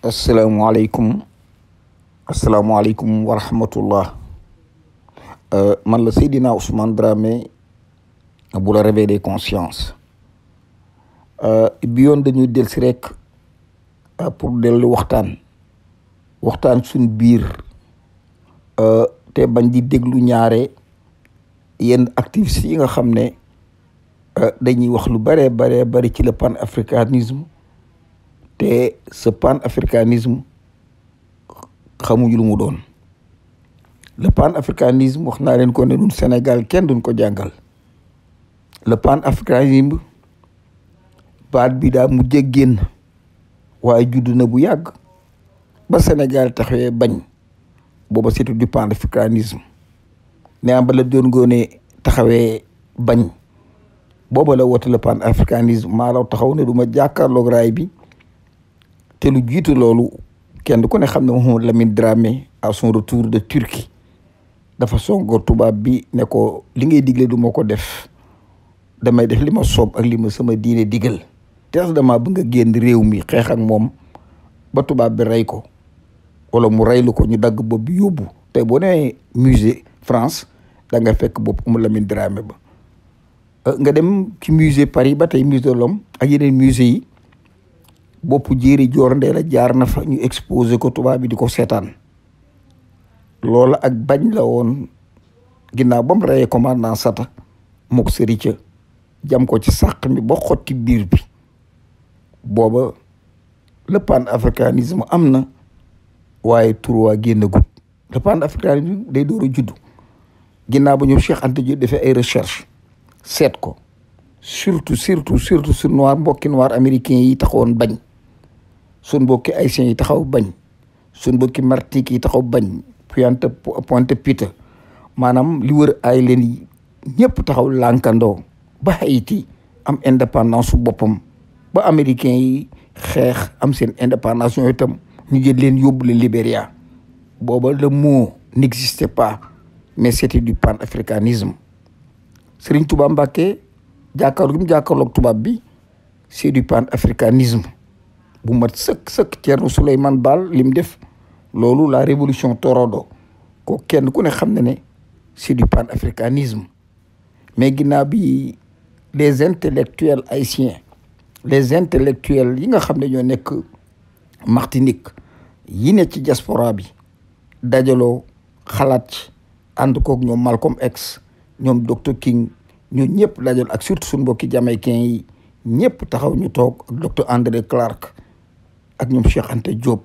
asalaamaaleykum asalaamaaleykum wa rahmatullah euh, man la Seydina Ousmane Dramé bu la réveil des consciences euh, bi yoon dañuy del si rek euh, pour dellu waxtaan waxtaan suñ biir te bañ di déglu ñaare yenn activistes yi nga xam ne dañuy wax lu bare bare bari ci le panafricanisme te ce panafricanisme xamuñu lu mu doon le panafricanisme wax naa leen ko ne ñun Sénégal kenn duñ ko jàngal le panafricanisme baat bi daa mu jéggéen waaye judd na bu yàgg ba Sénégal taxawee bañ booba surtout du panafricanisme ne ba la doon góone taxawee bañ booba la wote le maa law taxaw ne du ma jàkkaarloog raay bi te lu jiitu loolu kenn ku ne xam ne Mouhamadou Lamine Dramé à son retour de Turquie dafa songo tubaab bi ne ko li ngay digle du ma ko def damay def li ma soob ak li ma sama diine digal tees dama ba nga génn réew mi xeex ak moom ba tubaab bi rey ko wala mu reylu ko ñu dagg bopp bi yóbbu boo nee musée France da nga fekk bopp mu Lamine Dramé ba euh, nga dem ci musée Paris ba tey musée de l'Homme ak yeneen musée yi bopp jéeri joor ndee jaar na fa ñu exposé ko tubaab bi di ko seetaan loola ak bañ la woon ginnaaw ba mu reyee commandant sata muk jam ko ci sàq mi ba xotti biir bi booba le panafricanisme am na waaye turwaa génn gut le panafricanisme day door a juddu ginnaaw ba ñu Cheikh Anta Diop defee ay recherche seet ko surtout surtout surtout sur noir mbokki noir américain yi taxoon bañ sun mbokki haïtien yi taxaw bañ sun mbokki martinique yi taxaw bañ Pointe Pointe-Pitre maanaam li wër ay leen ñëpp taxaw lànkandoo ba Haïti am indépendance su boppam ba américain yi xeex am seen indépendance yooyu itam ñu jël leen yóbbu le Libéria booba le mot n'existait pas mais c'était du panne panafricanisme Serigne Touba Mbacké jàkkaarloo gi mu jàkkaarloog tubaab bi c'est du panafricanisme bu mat sëkk sëkk Thierno Souleymane Baal lim def loolu la révolution torodo ko kenn ku ne xam ne ne c'est du panafricanisme mais ginnaaw bi les intellectuels haïtiens les intellectuels yi nga xam ne ñoo nekk Martinique yi nekk ci diaspora bi dajaloo xalaat ci ànd koog ñoom Malcolm X ñoom docteur King ñoo ñëpp dajaloo ak surtout suñu mbokki jamaïcain yi ñëpp taxaw ñu toog ak docteur André Clark ak ñoom Cheikh Anta Diop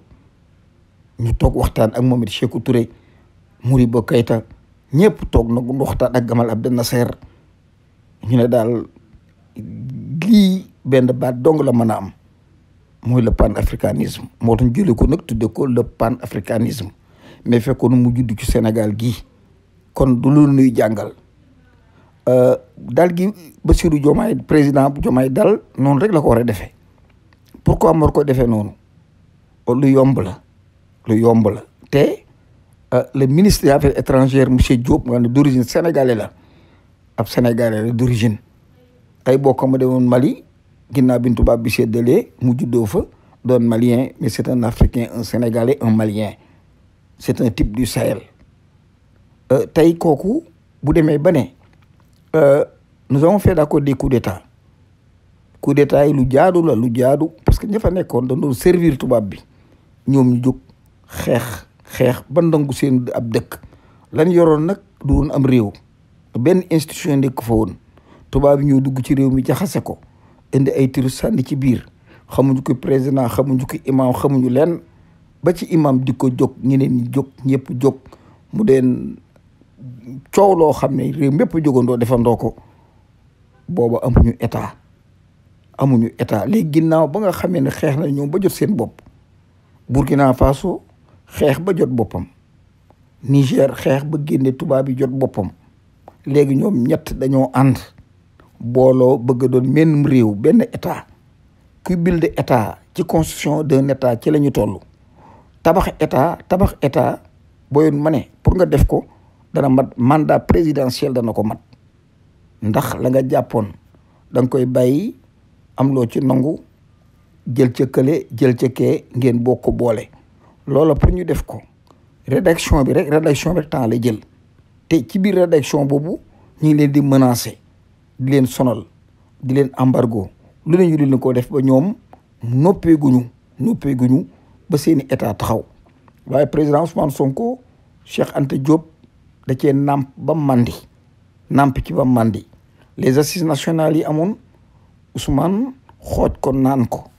ñu toog waxtaan ak moom it Cheikhou Touré Modibo Keïta ñëpp toog nag waxtaan ak Gamal Abdel Nasser ñu ne daal lii benn baat dong la mën a am mooy le panafricanisme moo tax ñu jëlee ko nag tudde ko le panafricanisme mais fekkoon mu judd ci Sénégal gi kon du loolu nuy jàngal euh, daal gi Bassirou Diomaye président Diomaye daal noonu rek la ko war a defee pourquoi war ko defee noonu lu yomb la lu yomb la te euh, le ministre des affaires étrangères monsieur Diop nga ne d'origine sénégalais la ab sénégalais la d'origine tey boo ko ma woon Mali ginnaaw bi tubaab bi seddalee mu juddoo fa doon malien mais c'est un africain un sénégalais un malien c'est un type du Sahel euh, tey kooku bu demee ba ne euh, nous avons fait d'accord des coups d'état coups d'état yi lu jaadu la lu jaadu parce que ña fa nekkoon dañu doon servir tubaab bi ñoom jóg xeex xeex ba ndangu seen ab dëkk lan yoroon nag du woon am réew benn institution nekk fa woon tubaab yi ñoo dugg ci réew mi jaxase ko indi ay tiru sànni ci biir xamuñu ko président xamuñu ko imam xamuñu leen ba ci imam di ko jóg ñeneen ñi jóg ñëpp jóg mu deen coow loo xam ne réew mépp jógandoo defandoo ko booba amuñu état amuñu état léegi ginnaaw ba nga xamee ne xeex na ñoom ba jot seen bopp Burkina Faso xeex ba jot boppam Niger xeex ba génne tubaab yi jot boppam léegi ñoom ñett dañoo ànd booloo bëgg doon menn réew benn état kuy build état ci constitution de état ci la ñu toll tabax état tabax état boyoon ma ne pour nga def ko dana mat mandat présidentiel dana ko mat ndax la nga jàppoon da nga koy bàyyi am loo ci nangu jël ca kële jël ca kee ngeen bokk boole loola pour ñu def ko rédaction bi rek rédaction bi rek temps la jël te ci biir rédaction boobu ñu ngi leen di menacer di leen sonal di leen embargo lu ne ñu di ko def ba ñoom noppeeguñu noppeeguñu ba seeni état taxaw waaye président Ousmane Sonko Cheikh Anta Diop da cee nàmp ba mandi nàmp ci ba mandi les assises nationales yi amoon Ousmane xooj ko naan ko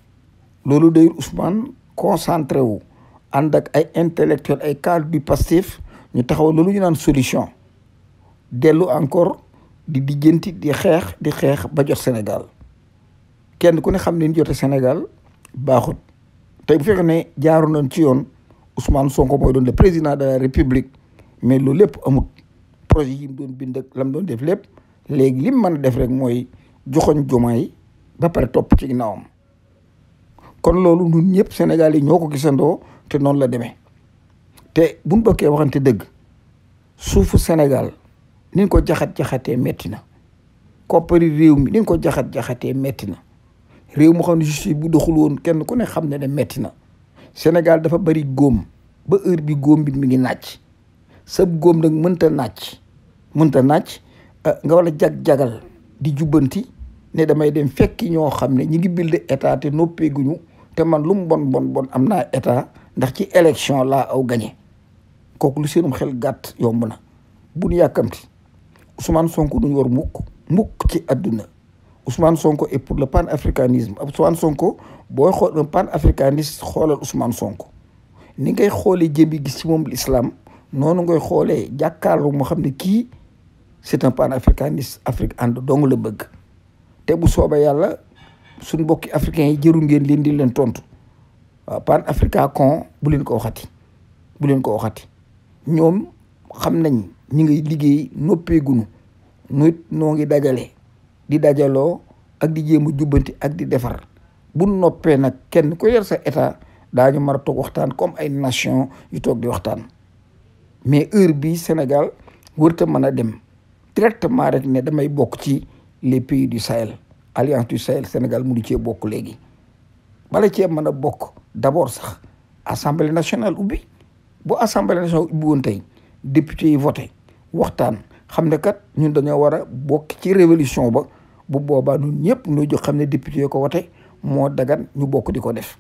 loolu day Ousmane concentré wu ànd ak ay intellectuel ay cadre du Pastef ñu taxaw loolu ñu naan solution dellu encore di dijjanti di xeex di xeex ba jot Sénégal kenn ku ne xam ne jot jote Sénégal baaxut tey bu fekkee ne jaaru nañ ci yoon Ousmane Sonko mooy doon le président de la République mais loolu lépp amut projet yi mu doon bind ak lam doon def lépp léegi lim mën a def rek mooy joxoñ jumaay ba pare topp ci ginnaawam kon loolu ñun ñëpp Sénégal yi ñoo ko gisandoo te noonu la demee te buñ bokkee waxante dëgg suufu senegal niñ ko jaxat-jaxatee métti na koppari réew mi niñ ko jaxat-jaxatee metti na réew moo xam ne justice bu doxul woon kenn ku ne xam ne ne métti na Sénégal dafa bari góom ba heure bi góom bi mi ngi nàcc sab góom nag mënta nàcc mënta nàcc ah, nga war a jag-jagal di jubbanti ne damay dem fekki ñoo xam ne ñu ngi build état noppeeguñu te man lu mu bon bon bon am naa état ndax ci élection la aw gagné kooku lu seenum xel gàtt yomb na bu ñu yàkkamti Ousmane sonku duñu war mukk mukk ci àdduna Ousmane Sonko et pour le panafricanisme Ousmane Sonko booy xool un panafricaniste xoolal Ousmane Sonko ni ngay xoolee jëmbi gis ci moom lislaam noonu ngay xoolee jàkkaarloo moo xam ne kii c'est un panafricaniste Afrique ànd dong la bëgg te bu soobee yàlla suñ mbokki africains yi jëru ngeen leen di leen tontu waaw pan africa con bu leen ko waxati bu leen ko waxati ñoom xam nañ ñi ngi liggéey noppeegunu nit noo ngi dajale di dajaloo ak di jéem a jubbanti ak di defar bu noppee nag kenn ku yor sa état daañu mar a waxtaan comme ay nation yu toog di waxtaan mais heure bi Sénégal wërta mën a dem directement rek ne damay bokk ci les pays du Sahel alliance du Sahel Sénégal mu du cee bokk léegi bala ceeb mën a bokk d'abord sax assemblée nationale ubbi bu assemblée nationale ubbi woon tey député yi voté waxtaan xam ne kat ñun dañoo war a bokk ci révolution ba bu boobaa ñun ñëpp ñu jox xam ne député yi ko wote moo dagan ñu bokk di ko def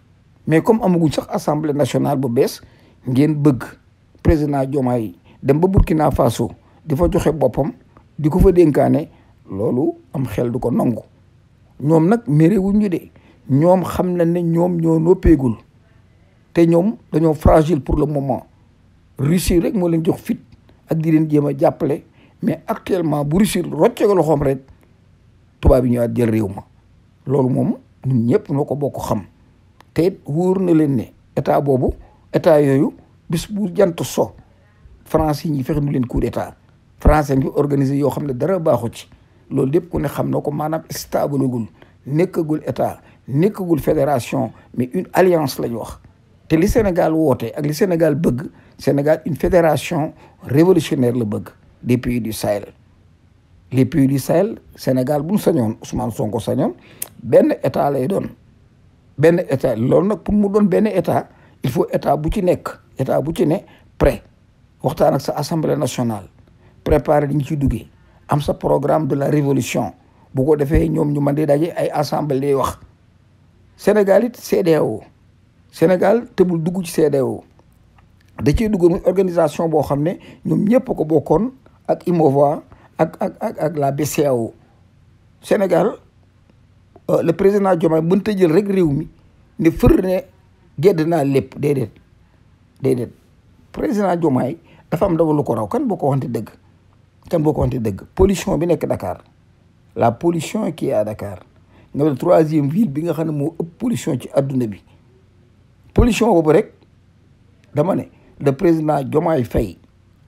mais comme amaguñ sax assemblée nationale bu bees ngeen bëgg président Diomaye dem ba Burkina Faso di fa joxe boppam di ko fa dénkaane loolu am xel du ko nangu ñoom nag mere wuñ ñu de ñoom xam nañ ne ñoom ñoo noppeegul te ñoom dañoo fragile pour le moment Russie rek moo leen jox fit ak di leen jéem a jàppale mais actuellement bu Russie rocce ko loxoom rek tubaab yi ñëwaat jël réew ma loolu moom ñun ñëpp noo ko bokk xam te wóor na leen ne état boobu état yooyu bis bu jant so France yi ñuy fexe nu leen coup d'état français ngi organiser yoo xam ne dara baaxu ci loolu lépp ku ne xam na ko maanaam stabalagul nekkagul état nekkagul fédération mais une alliance la ñu wax te li Sénégal woote ak li Sénégal bëgg Sénégal une fédération révolutionnaire la bëgg des du Sahel les pays du Sahel Sénégal bu mu sañoon Ousmane Sonko sañoon benn état lay doon benn état loolu nag pour mu doon benn état il faut état bu ci nekk état bu ci ne prêt waxtaan ak sa assemblée nationale préparer li ñu ci duggee am sa programme de la révolution bu ko defee ñoom ñu mën di daje ay assemblée wax sénégalit it CEDEAO Sénégal tëbul dugg ci CEDEAO da ciy dugg muy organisation boo xam ne ñoom ñëpp ko bokkoon ak IMOVA ak ak ak ak la Sénégal euh, le président Diomaye mënta jël rek réew mi ne fër ne gedd naa lépp déedéet déedéet président Diomaye dafa am dafa lu ko raw kan boo ko waxante dëgg tam boo ko waxante dëgg pollution bi nekk Dakar la polition qui est à Dakar nga ne troisième ville bi nga xam ne moo ëpp pollution ci adduna bi pollution boobu rek dama ne le président Diomaye fay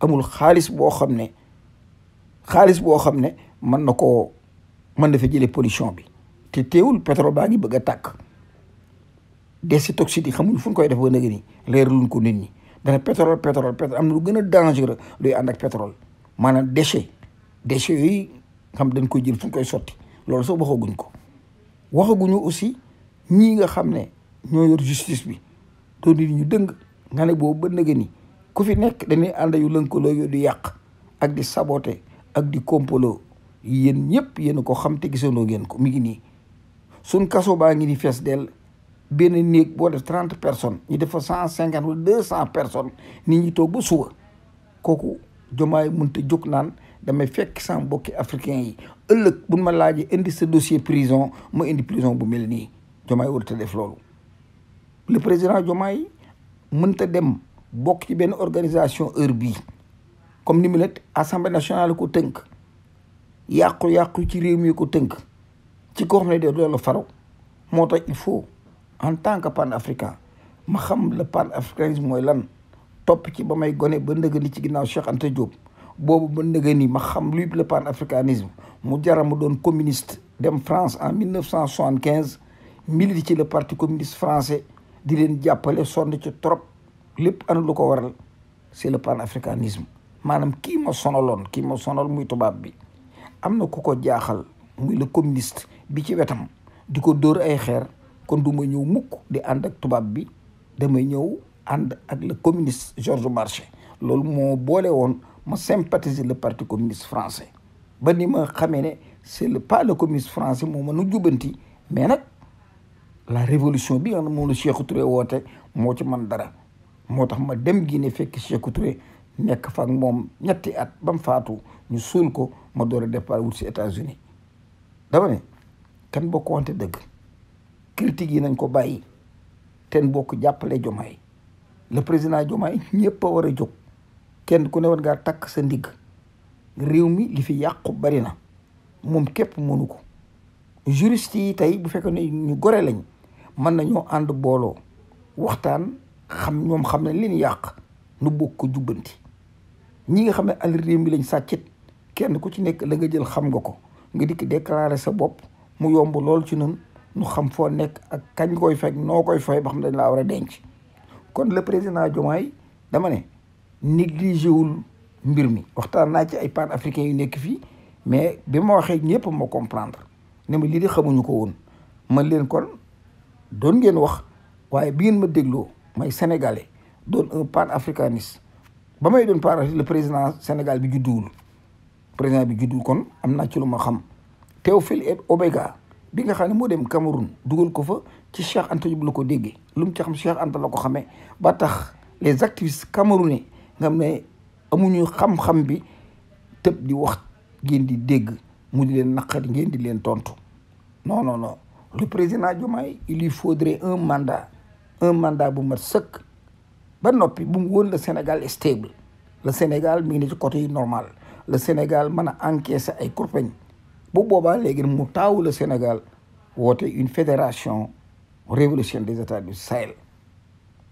amul xaalis boo xam ne xaalis boo xam ne mën na koo mën na fa jëlee pollution bi te teewul pétrole baa ngi bëgg a tàkk détoxine yi xamuñ fu koy def ba léegi nii leeraluñ ko nit ñi dana pétrole pétrole pétrole am na lu gën a dangereux luy ànd ak pétrole. maanaam déchet déchet yooyu xam dañ koy jël fu ñu koy sotti loolu sax waxaguñ ko waxaguñu aussi ñii nga xam ne ñoo yor justice bi doon nit ñu dëng nga ne boobu ba nëgë ni ku fi nekk dañuy ànd yu lënkaloo yu di yàq ak di saboté ak di kompolo yéen ñëpp yéen ko xam te gisandoo ngeen ko mi ngi nii suñ kaso baa ngi ni fees dell benn néeg boo def trente personnes ñu def fa cent cinquante wala deux cent personnes nit ñi toog ba suba kooku jomaay mënta jóg naan damay fekk sama bokki africain yi ëllëg bu ma laajee indi sa dossier prison ma indi prison bu mel nii jomaay warut a def loolu le président jomaay mënta dem bokk ci benn organisation heure bii comme ni mu net assemblée nationale ko tënk yàqu-yàqu ci réew mi ko tënk ci koo xam ne de loolu faraw moo tax il faut en tant que panafricain ma xam le panafricanisme mooy lan topp ci ba may gone ba ndëga ci ginnaaw Cheikh Anta Diop boobu ba ndëga ni ma xam luy le panafricanisme mu jara mu doon communiste dem France en 1975 milite ci le parti communiste français di leen jàppale sonn ci trop lépp ana lu ko waral c'est le panafricanisme maanaam kii ma sonaloon kii ma sonal muy tubaab bi am na ku ko jaaxal muy le communiste bi ci wetam di ko dóor ay xeer kon du ma ñëw mukk di ànd ak tubaab bi damay ñëw ànd ak le communiste Georges marché loolu moo boole woon ma sympathiser le partie communiste francais ba ni ma xamee ne c'est le pas le communiste français moo mën a jubanti mais nag la révolution bi nga na moo moom la Sékou woote moo ci man dara moo tax ma dem Guinée fekk Sékou Touré nekk fa ak moom ñetti at ba mu faatu ñu suul ko ma door a départ wut si États-Unis dama ne kan bokk wante dëgg critique yi nañ ko bàyyi ten boo bokk jàppale Diomaye le président Diomaye ñëpp a war a jóg kenn ku ne war ngaa takk sa ndigg réew mi li fi yàqu bari na moom képp mënu ko juriste yi tey bu fekkee ne ñu gore lañ mën nañoo ànd booloo waxtaan xam ñoom xam ne li ñu yàq nu bokk ko jubbanti ñi nga xam ne al réew mi lañ sàccit kenn ku ci nekk la nga jël xam nga ko nga dikk déclarer sa bopp mu yomb lool ci nun ñu xam foo nekk ak kañ koy fekk noo koy fay ba xam ne dañ laa war a denc kon le président Diomaye dama ne négligé wul mbir mi waxtaan naa ci ay pan africain yu nekk fii mais bi ma waxee ñëpp ma comprendre ne ma lii di xamuñu ko woon man leen kon doon ngeen wax waaye bi ngeen ma dégloo may sénégalais doon un pan africaniste ba may doon pan le président Sénégal bi judduwul président bi juddu kon am naa ci lu ma xam Théophile Obiega bi nga xam ne moo dem Cameroun dugal ko fa ci Cheikh Anta Diop la ko déggee lu mu ci xam Cheikh Anta la ko xamee ba tax les activistes camerounais nga xam ne amuñu xam-xam bi tëb di wax ngeen di dégg mu di leen naqari ngeen di leen tontu non non non le président Diomaye il lui faudrait un mandat un mandat bu mat sëkk ba noppi bu mu woon la Sénégal est stable le Sénégal mi ne ci côté yi normal la Sénégal mën a encaisser ay kurpeñ bu boobaa léegi mu taawula Sénégal woote une fédération révolution des états du Sahel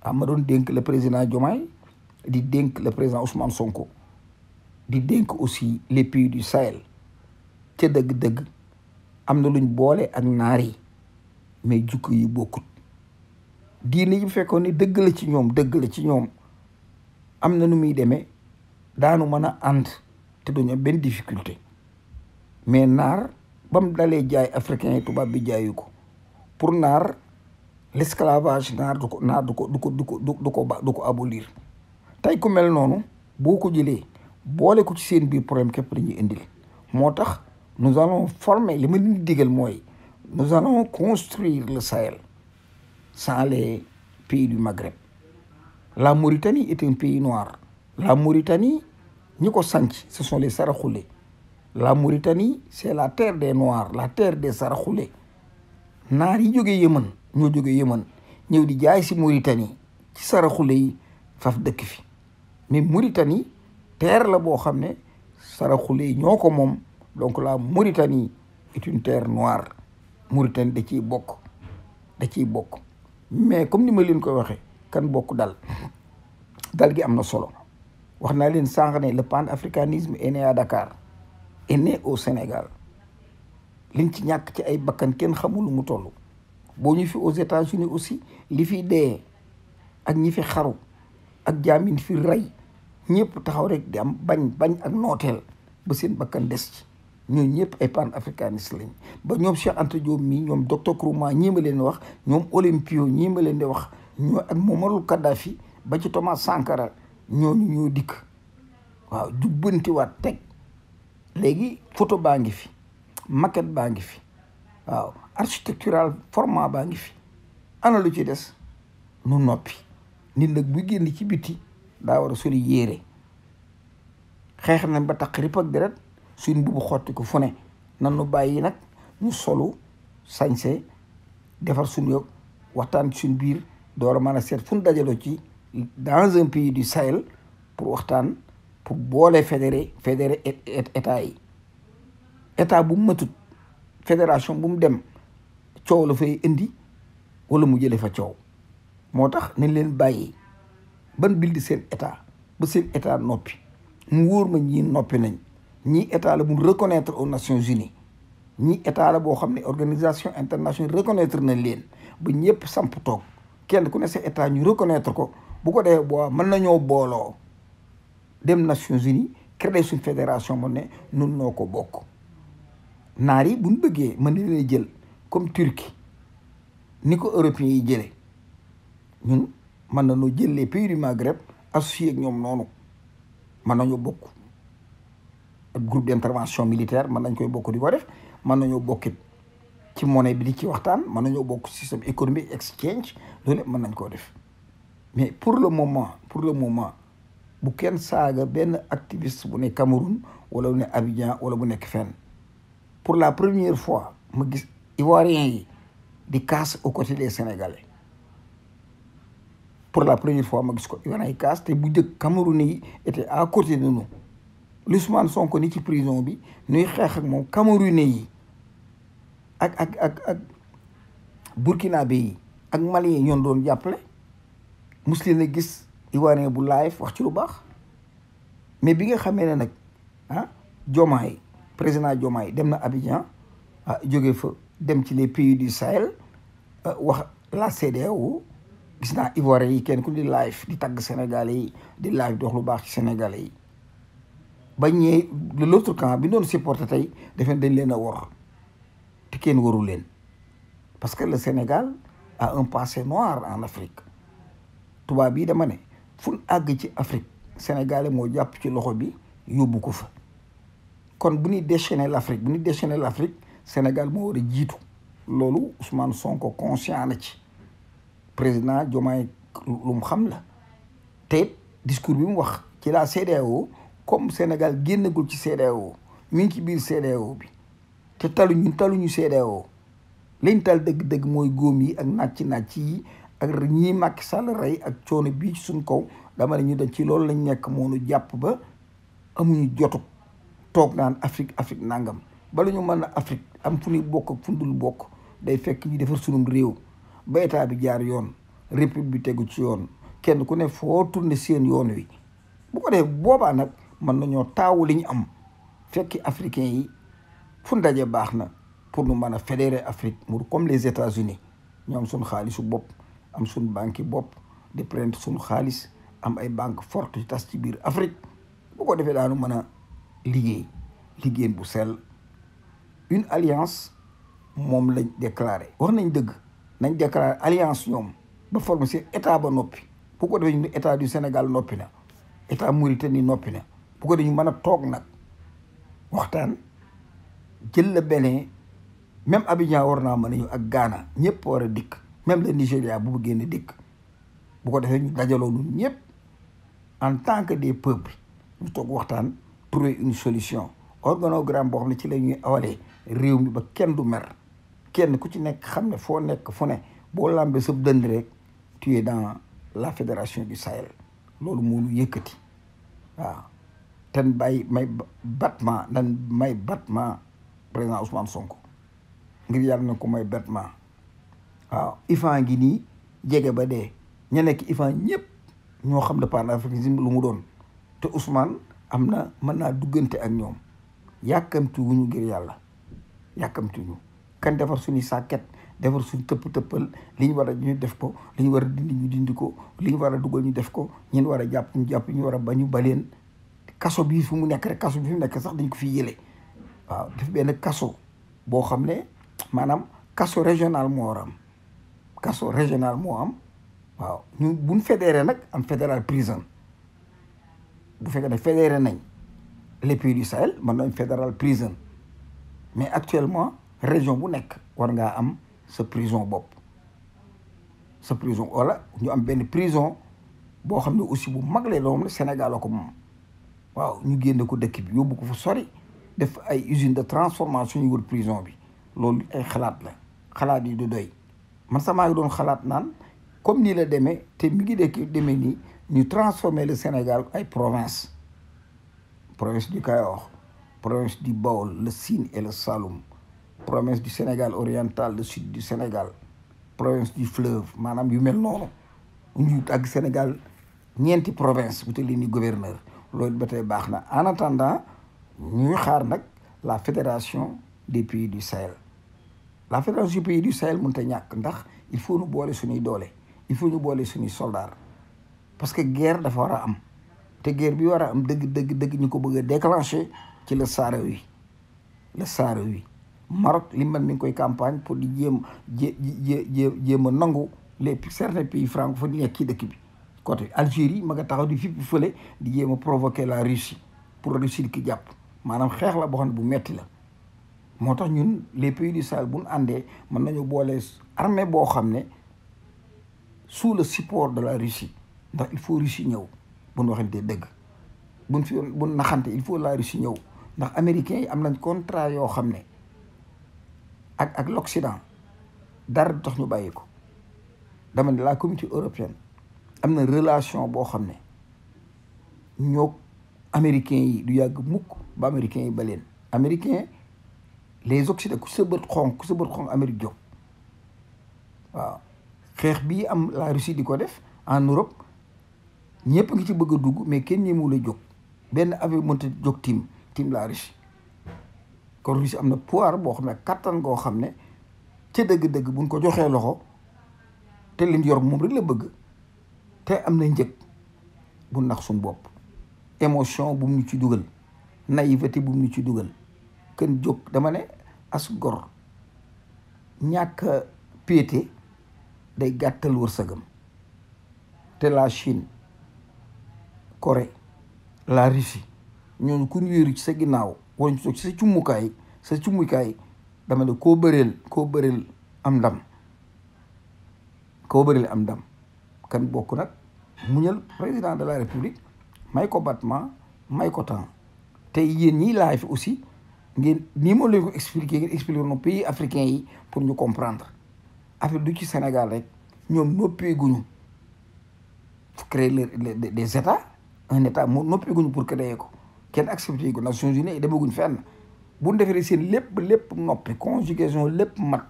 am ah, ma doon dénk le président Diomaye di dénk le président Ousmane Sonko di dénk aussi les pays du Sahel ca dëgg-dëgg am na luñ boole ak naar yi mais jukk yi bokkut diine yi fekkoon ni dëgg la ci ñoom dëgg la ci ñoom am na nu muy demee daanu mën a ànd te duñu am benn difficulté mais naar ba mu dalee jaay africain yi tubaab bi jaayu ko pour naar l'esclavage naar du ko naar du ko du ko du ko du ko du ko abolir tey ku mel noonu boo ko jëlee boole ko ci seen biir problème képp dañuy indil moo tax nous allons former li ma leen digal mooy nous allons construire le Sahel sans les pays du Maghreb la Mauritanie est un pays noir la Mauritanie ñi ko sanc ce sont les Saraxule la Mauritanie c'est la terre des noirs la terre des saraxule naar yi jóge Yémen ñoo jóge Yémen ñëw di jaay si Mauritanie ci saraxule yi faf dëkk fi mais Mauritanie terre la boo xam ne saraxule yi ñoo ko moom donc la Mauritanie est une terre noire Mauritanie da ciy bokk da ciy bokk mais comme ni ma leen koy waxee kan bokk dal dal gi am na solo wax naa leen sànq ne le panafricanisme est né à Dakar est né au Sénégal liñ ci ñàkk ci ay bakkan kenn xamul mu toll boo ñu fi aux États-Unis aussi li fi dee ak ñi fi xaru ak jaamin fi rey ñëpp taxaw rek di am bañ bañ ak nooteel ba seen bakkan des ci ñooñu ñëpp ay panafricaniste lañ ba ñoom Cheikh Anta Diop ñoom docteur Kourouma ñii leen wax ñoom Olympio ñii leen di wax ñoo ak Mouammar Kadhafi ba ci Thomas Sankara ñooñu ñoo dikk waaw jubbantiwaat teg léegi photo baa ngi fi maquette baa ngi fi waaw architectural format baa ngi fi ana lu ci des nu noppi nit nag bu génn ci biti daa war a soli yéere xeex nañ ba taq rip ak deret suñ bubu xotti ko fu nan nu bàyyi nag ñu solu sañse defar suñ yog waxtaan suñ biir door a seet fu dajaloo ci dans un pays du Sahel pour waxtaan pour boole fédéré fédéré état yi état bu mu matut fédération bu mu dem coow la fay indi wala mu jële fa coow moo tax na leen bàyyi ban bildi seen état ba seen état noppi mu wóor ñii noppi nañ ñii état la bu reconnaître aux Nations Unies ñii état la boo xam ne organisation internationale reconnaître nañ leen ba ñëpp samp toog kenn ku ne sa état ñu reconnaître ko bu ko defee boo mën nañoo booloo dem Nations Unies créé suñ fédération mu ne nun noo ko bokk naar yi buñ bëggee mën nañ jël comme Turquie ni ko européens yi jëlee ñun mën nañoo jël les pays du Maghreb associé ñoom noonu mën nañoo bokk groupe d'intervention militaire mën nañ koy bokk di ko def mën nañoo bokkit ci monnaie bi di ci waxtaan mën nañoo bokk système économique exchange loolu mën nañ koo def mais pour le moment pour le moment bu kenn saaga benn activiste bu ne Cameroun wala bu ne Abidjan wala bu nekk fen pour la première fois ma gis Ivoiriens yi di casse aux côtés des Sénégalais pour la première fois ma gis ko Ivoiriens yi casse te bu njëkk Cameroun yi était à côté de nous Ousmane Sonko ni ci prison bi nuy xeex ak moom Camerounais yi ak ak ak ak Burkinabé yi ak Maliens ñoon doon jàppale muslim na gis di wane bu live wax ci lu baax mais bi nga xamee ne nag ah Diomaye président jomaa yi dem na Abidjan ah jóge fa dem ci le pays du Sahel ah, wax la CEDEAO gis naa Ivoiriens yi kenn ku di live di tagg Sénégalais yi di live di wax lu baax ci Sénégalais yi bañ ñee de l'autre camp bi doon supporté tey defe dañ leen a war kenn waru leen parce que le Sénégal a un passé noir en Afrique tubaab yi dama ne fun àgg ci Afrique sénégalais moo jàpp ci loxo bi yóbbu ko fa kon bu ñuy déchaîner l'Afrique bu ñuy déchaîner l'Afrique Sénégal moo war a jiitu loolu Ousmane Sonko conscient na ci président Diomaye lu mu xam la te discours bi mu wax ci la CEDEAO comme Sénégal génnagul ci CEDEAO mi ngi ci biir CEDEAO bi te taluñu taluñu CEDEAO liñ tal dëgg-dëgg mooy góom yi ak nàcc nàcc yi ak ñii Macky Sall rey ak coono bii suñ kaw dama ne ñu dañ ci loolu lañ nekk moonu jàpp ba amuñu jotu toog naan Afrique Afrique nangam bala ñu mën a Afrique am fu ñuy bokk ak fu dul bokk day fekk ñu defar sunum réew ba état bi jaar yoon république bi tegu ci yoon kenn ku ne foo tourné seen yoon wi bu ko boobaa nag mën nañoo taawu li ñu am fekki africain yi fu ndaje baax na pour nu man a fédérer Afrique mu comme les États-Unis ñoom suñ xaalisu bopp am suñ banque bopp di prendre suñu xaalis am ay banque forte tas ci biir Afrique bu ko defee daanu mën a liggéey liggéey bu sel une alliance moom lañ déclaré wax nañ dëgg nañ déclaré alliance ñoom ba former seen état ba noppi bu ko defee ñu état du Sénégal noppi na état Mauritanie noppi na bu ko defee ñu mën a toog nag waxtaan jël la Bénin même Abidjan war naa mën nañu ñëw ak Ghana ñëpp war a dikk même le Nigéria bu bëggee génnee dëkk bu ko defee ñu dajaloo ñun ñëpp en tant que des peuples ñu toog waxtaan trouver une solution organogramme boo xam ne ci la awale réew mi ba kenn du mer kenn ku ci nekk xam ne foo nekk fu ne boo lambee sëb dënd rek tu dans la fédération du Sahel loolu moo ñu yëkkati waaw ten bàyyi may battement nan may battement président Ousmane Sonko ngir yàlla na ko may battement waaw IFAN gi nii jege ba dee ña nekk IFAN ñëpp ñoo xam ne panafricanisme lu mu doon te Ousmane am na mën naa duggante ak ñoom yàkkamtu wuñu yàlla yàkkamtu kan defar suñu sàkket defar suñu tëpp tëppal li ñu war a ñu def ko li ñu war a dindi ñu li ñu war a dugal ñu def ko ñun war a jàpp jàpp ñu war a bañu baleen kaso bii fu mu nekk kaso bi mu nekk sax dañ ko fi yële waaw def benn kaso boo xam ne maanaam kaso régional moo war am kaso régional moo am waaw ñu buñ fédéré nag am fédéral prison bu fekkee ne fédéré nañ les pays du Sahel mën nañ fédéral prison mais actuellement région bu nekk war ngaa am sa prison bopp sa prison wala ñu am benn prison boo xam ne aussi bu mag lay doon Sénégal la ko moom waaw ñu génne ko dëkk bi yóbbu ko fa sori def ay usine de transformation yu wër prison bi loolu ay xalaat la xalaat yi du doy man sax maa ngi doon xalaat naan comme nii la demee te mi ngi dekk demee nii ñu transformer le Sénégal ay province province du Kayor province du Baol le Sine et le Saloum province du Sénégal oriental le sud du Sénégal province du fleuve maanaam yu mel noonu ñu ak Sénégal ñeenti province bu te li ni gouverneur loolu ba tey baax na en attendant ñuy xaar nag la fédération de pays du Sahel la fédération pays du Sahel mënut a ñàkk ndax il faut nu boole suñuy doole il faut ñu boole suñuy soldat parce que guerre dafa war a am te guerre bi war a am dëgg dëgg ñu ko bëgg a déclenché ci la Sahraoui la wi Maroc li mel mi ngi koy campagne pour di jéem jé jéem a nangu les certains pays francophones di nekk ci dëkk bi côté Algérie ma nga taxaw di fipp fële di jéem a provoquer la Russie pour Russie di ki jàpp maanaam xeex la boo bu metti la moo tax ñun les pays du Sahel bu ñu àndee man nañu boolee armée boo xam ne sous le support de la Russie ndax il faut Russie ñëw bu ñu waxantee dëgg bu ñu fi bu ñu naxante il faut la Russie ñëw ndax américains yi am nañ contrat yoo xam ne ak ak l'Occident dara du tax ñu bàyyi ko dama ne la communauté européenne am na relation boo xam ne ñoo américains yi du yàgg mukk ba américains yi ba leen américain les Occidentaux ku sa bët xonq ku sa bët xonq Amérique jóg waaw xeex bii am la Russie di ko def en Europe ñëpp ngi ci bëgg a dugg mais kenn ñemewul la jóg benn avion mënta jóg tiim tiim la Russie kon Russie am na pouvoir boo xam ne kattan goo xam ne ca dëgg-dëgg buñ ko joxee loxo te leen yor moom rek la bëgg te am na njëg bu nax sum bopp émotion bu mu ci dugal naïveté bu mu ñu ci dugal kenn jóg dama ne as ñàkk piété day gàttal sagam te la Chine Corée la Russie ñooñu ku wéeru ci sa ginnaaw wala ci sa cummukaay sa cummukaay dama ne koo bëreel koo bëreel am ndam koo bëreel am ndam kan bokk nag muñal président de la république may ko battement may ko temps tey yéen ñii laay fi aussi ngeen nii moom lañ ko expliqué ngeen expliqué woon pays africain yi pour ñu comprendre affaire du ci Sénégal rek ñoom noppeeguñu pour créer des états un état moo noppeeguñu pour créer ko kenn accepté ko Nations Unies demaguñ fenn bu ñu defee seen lépp lépp noppi conjugaison lépp mat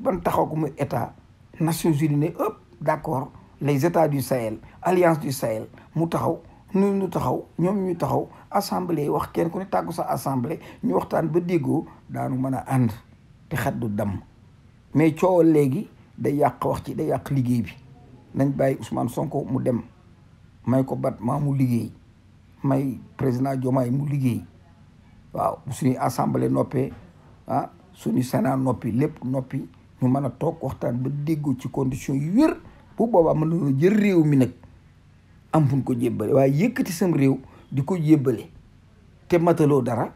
ban taxaw ko muy état Nations Unies ne ëpp d' accord les états du sael alliance du Sahel mu taxaw. nu ñu taxaw ñoom ñu taxaw assemblée wax kenn ku ne tàggu sa assemblée ñu waxtaan ba déggoo daanu mën a ànd te xaddu damm mais coowal léegi day yàq wax ci day yàq liggéey bi nañ bàyyi Ousmane Sonko mu dem may ko bat maa mu liggéey may président Diomaye mu liggéey waaw suñu assemblée noppee ah suñu Sénat noppi lépp noppi ñu mën a toog waxtaan ba déggoo ci condition yu wér bu boobaa mën nañoo jël réew mi nag am fuñ ko jébbale waaye yëkkati sam réew di ko jébbale te mataloo dara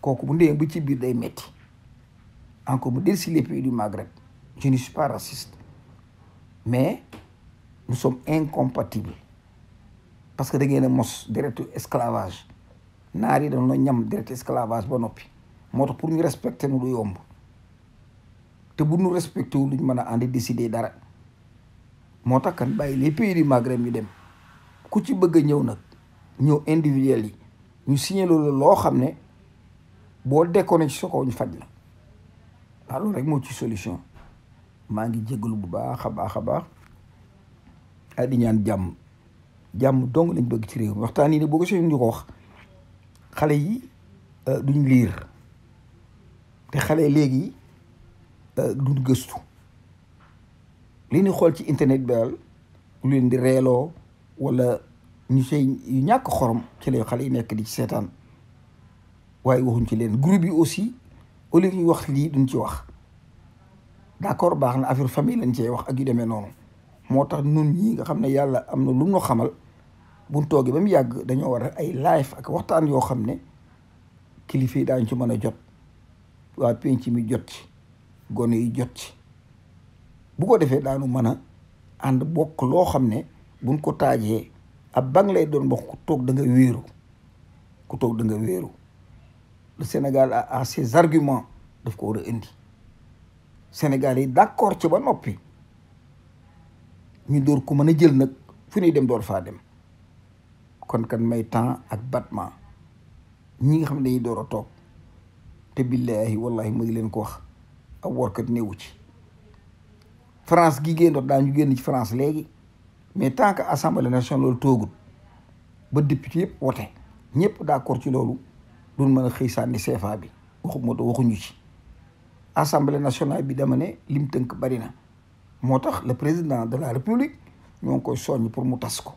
kooku bu ndee ba ci biir day metti encore mu del si les pays du Maghreb je ne suis pas raciste mais nous sommes incompatibles parce que da ngeen a mos deretu esclavage naar yi dañoo ñam deretu esclavage ba noppi moo tax pour ñu respecter nu du yomb te bu ñu respecté wu luñ mën a àndi décider dara moo tax kan bàyyi les pays du Maghreb ñu dem ku ci bëgg a ñëw nag ñëw individuel yi ñu signé loolu loo xam ne boo déconné ci sa ñu faj la waaw rek moo ci solution maa ngi jégalu bu baax a baax a baax a di ñaan jàmm jàmm dong lañ bëgg ci réew mi waxtaan yi ne boo ko suñu ñu ko wax xale yi euh, duñ liir te xale léegi euh, duñ gëstu li ñu xool ci internet bi daal lu leen di reeloo wala ñu sey yu ñàkk xorom ci lay xale yi nekk di ci seetaan waaye waxuñ ci leen groupe yi aussi au lieu wax lii duñ ci wax d'accord baax na affaire famille lañ cee wax ak yu demee noonu moo tax nun ñi nga xam ne yàlla am na lu mu xamal buñ toogee ba mu yàgg dañoo war a ay live ak waxtaan yoo xam ne kilifa yi daañ ci mën a jot waa penc mi jot ci gone yi jot ci bu ko defee daanu mën a ànd bokk loo xam ne buñ ko taajee ab bang lay doon wax ko toog danga nga ko ku toog da nga wéeru le Sénégal a ses arguments daf ko war a indi Sénégal yi d'accord ci ba noppi ñu door ko mën a jël nag fu ñuy dem door faa dem kon kan may temps ak battement ñi nga xam ne dañuy door a toog te billaahi wallahi ma ngi leen ko wax ab workat néewu ci France gi daa daañu génn ci France léegi mais tant que assemblée nationale loolu toogut ba député yëpp wote ñëpp d'accord ci loolu duñ mën a xëy sànni CFA bi waxu moo tax waxuñu ci assemblée nationale bi dama ne lim tënk bari na moo tax le président de la république ñoo ngi koy soññ pour mu tas ko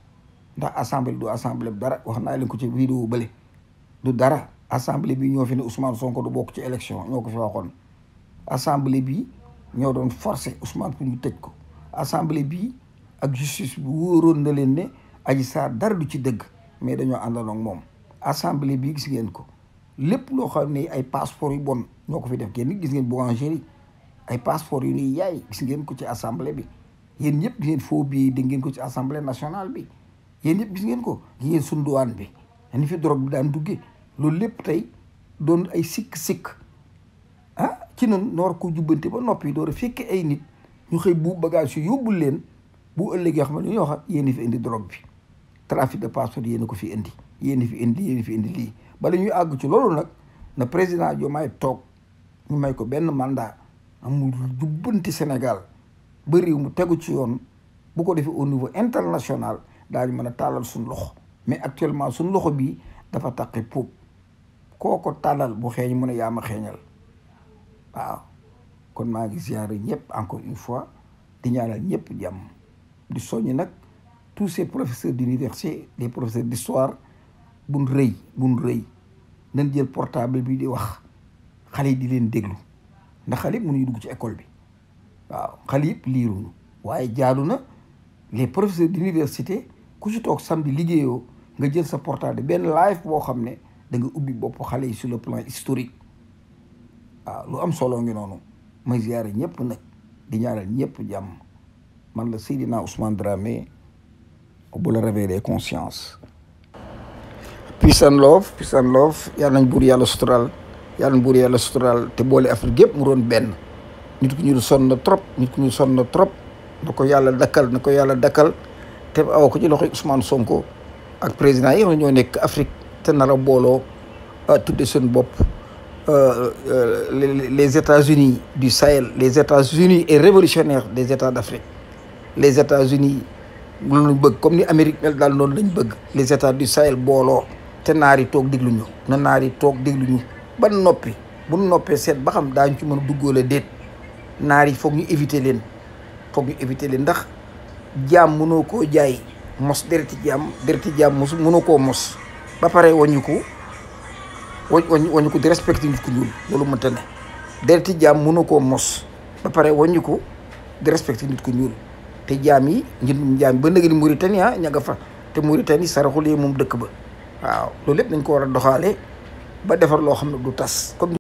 ndax assemblée du assemblée dara wax naa leen ko ci vidéo bële du dara assemblée bi ñoo fi ne Ousmane Sonko du bokk ci élection ñoo ko fi waxoon assemblée bi ñoo doon forcer Ousmane pour ñu tëj ko assemblée bi ak justice bi wóoroon na leen ne Adji Sarr dara du ci dëgg mais dañoo àndandoo ak moom assemblée bi gis ngeen ko lépp loo xam ne ay passeport yu bon ñoo ko fi def kenn gis ngeen boulangerie ay passeport yu ni yaay gis ngeen ko ci assemblée bi yéen ñëpp gis ngeen faux ngeen ko ci assemblée nationale bi yéen ñëpp gis ngeen ko gis ngeen sunduwaan bi ni fi drogue bi daan duggee loolu lépp tey doon ay sikk-sikk ah ci noonu noor ko jubbante ba noppi door a fekk ay nit ñu xëy bu bagage yu yóbbul leen bu ëllëgee xam ne ñoo xam yéen fi indi drop bi trafic de passeport yéen ko fi indi yéen fi indi yéen fi indi lii bala ñuy àgg ci loolu nag na président Diomaye toog ñu may ko benn mandat amul jubbanti Sénégal ba réew mu tegu ci yoon bu ko defee au niveau international daañu mën a tàllal suñ loxo mais actuellement suñ loxo bii dafa taqi puub kooko ko tàllal bu xeeñ mu a yaa ma xeeñal waaw kon maa ngi ziare ñëpp encore une fois di ñaanal ñëpp jàmm di soññ nag tous ces professeurs d'université des professeurs d'histoire buñ rëy buñ rëy nañ jël portable bi di wax xale yi di leen déglu ndax xale yi mënuñu dugg ci école bi waaw xale yëpp liiruñu waaye jaadu na les professeurs d'université ku ci toog samedi liggéeyoo nga jël sa portable benn live boo xam ne da nga ubbi bopp xale yi sur le plan historique waaw lu am solo ngi noonu may ziare ñëpp nag di ñaaral ñëpp jàmm man la Seydina Ousmane Dramé bu la révéler conscience peace and love peace and love yal nañ buur yàlla sutural yal nañ buur yàlla sutural te boole Afrique yëpp mu doon benn nit ku ñu sonn na trop nit ku ñu sonn na trop na ko yàlla dakkal na ko yàlla dakkal te aw ko ci loxo Ousmane Sonko ak président yi ñoo nekk Afrique te nar a booloo tudde seen bopp euh, euh, les États-Unis du Sahel les États-Unis et révolutionnaire des États d'Afrique les États-Unis lu lañ bëgg comme ni Amérique mel daal noonu lañ bëgg les États du Sahel booloo te naari toog déglu ñu na naar toog déglu ñu ba noppi bu noppee seet ba xam daañu ci mën a duggoole déet naari foog ñu éviter leen foog ñu éviter leen ndax jaam mënoo ko jaay mos dereti jaam dereti jaam mos mënoo koo mos ba pare wañu ko wañ wañu ko ku ñuul loolu mënta ne dereti jaam mënoo koo mos ba pare wañu ko di respecté nit ku ñuul te jaam yi njëndum jaam yi ba nëgëni Mauritanie ah ña nga fa te Mauritanie saraxulee moom dëkk ba waaw loolu lépp nañ ko war a doxaale ba defar loo xam ne du tas comme